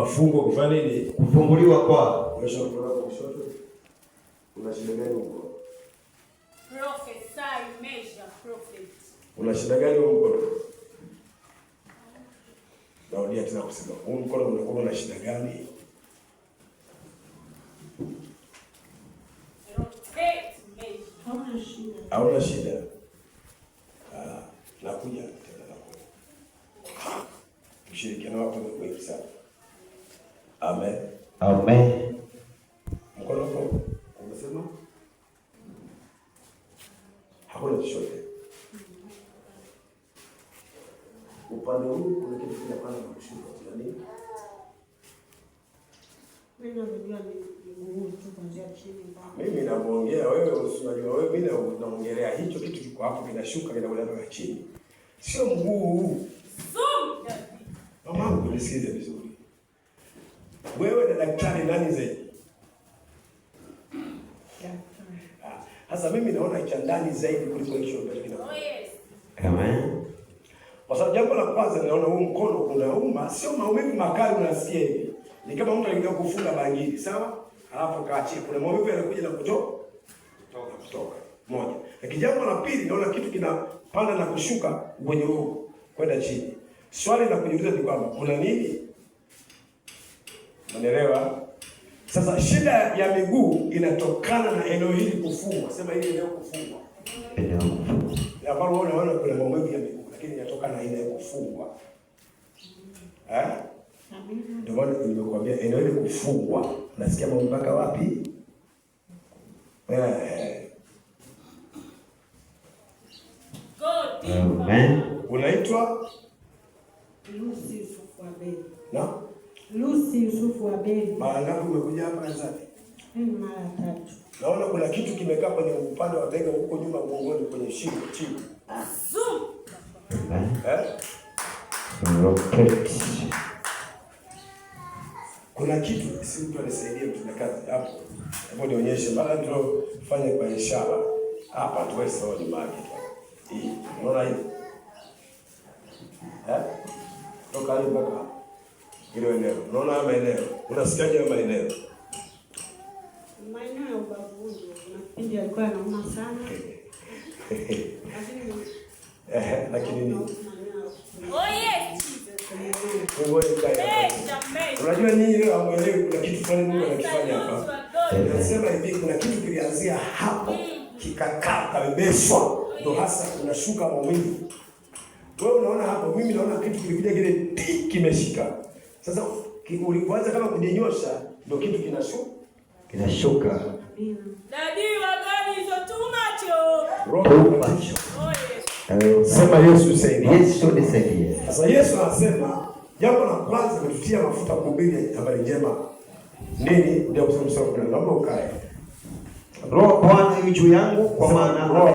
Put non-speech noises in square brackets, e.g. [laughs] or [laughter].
Mafungo kufanya nini? Kufunguliwa kwa. Unaweza kuona kwa kushoto. Una shida gani huko? Professor measure prophet. Una shida gani huko? Naudia tena kusema, huu mkono unakuwa una shida gani? Rotate measure. Hauna shida. Ah, nakuja tena nakuja. Ushirikiano wako ni muhimu sana. Amen. Amen. Mkono umesema hakuna chochote. Upande huu kuna kitu na kushuka, mimi wewe, wewe, mimi naongelea hicho kitu kiko hapo, kinashuka kinakuleta chini, sio mguu huu. Mama, vizuri daktari nani zaidi? Ah, sasa mimi naona cha ndani zaidi kuliko hicho kina. Oh yes. Amen. Kwa sababu jambo la kwanza ninaona huu mkono unauma, sio maumivu makali unasikia hivi. Ni kama mtu alikuja kufunga bangili, sawa? Alafu kaachie kuna maumivu yanakuja na kutoka kutoka kutoka. Moja. Lakini jambo la pili naona kitu kinapanda na kushuka kwenye huu kwenda chini. Swali la kujiuliza ni kwamba kuna nini? Unaelewa? Sasa shida ya miguu inatokana na eneo hili kufungwa. Sema hili eneo kufungwa. Eneo kufungwa. Ya bado unaona kuna mambo ya miguu lakini inatokana na ile kufungwa. Eh? Ndio maana nimekuambia eneo hili kufungwa. Nasikia mambo mpaka wapi? Eh. God. Amen. Unaitwa Yusufu wa Na? No? Lucy Yusufu Abeli. Mara ngapi umekuja hapa kanisani? Mara tatu. Naona kuna kitu kimekaa kwenye upande wa bega huko nyuma mgongoni kwenye shingo chini. Asu. Eh? Rocket. Kuna kitu si mtu anisaidie mtu mtendakazi hapo. Hebu nionyeshe mara ndio fanye kwa ishara. Hapa tuwe sawa ni maji. Hii, unaona hivi? Eh? Toka hapo mpaka hilo eneo. Unaona haya maeneo, unasikiaje haya maeneo? Maeneo ya ubavuni, nafikiri alikuwa anauma sana. [laughs] Eh, Lakini ni oh, unajua nyinyi hamwelewi, kuna kitu fulani Mungu anakifanya hapa. Nasema hivi, kuna kitu kilianzia hapo mm. kikakaa kabebeshwa, ndo hasa kunashuka maumivu. Wewe unaona hapo, mimi naona kitu kilikuja kile kimeshika sasa ulipoanza kama kujinyosha, ndio kitu kinashuka kinashuka. Oh. Oh, Sema Yesu saidia, Yesu nisaidie. Sasa Yesu anasema jambo la kwanza kututia mafuta kuhubiri habari njema nini? Ndio kusema msaada, naomba ukae. Roho Bwana yu juu yangu kwa maana